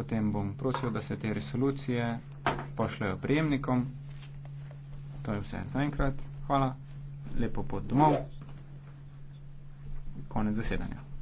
potem bom prosil, da se te resolucije pošljajo prijemnikom. To je vse zaenkrat. Hvala. Lepo pot domov. Konec zasedanja.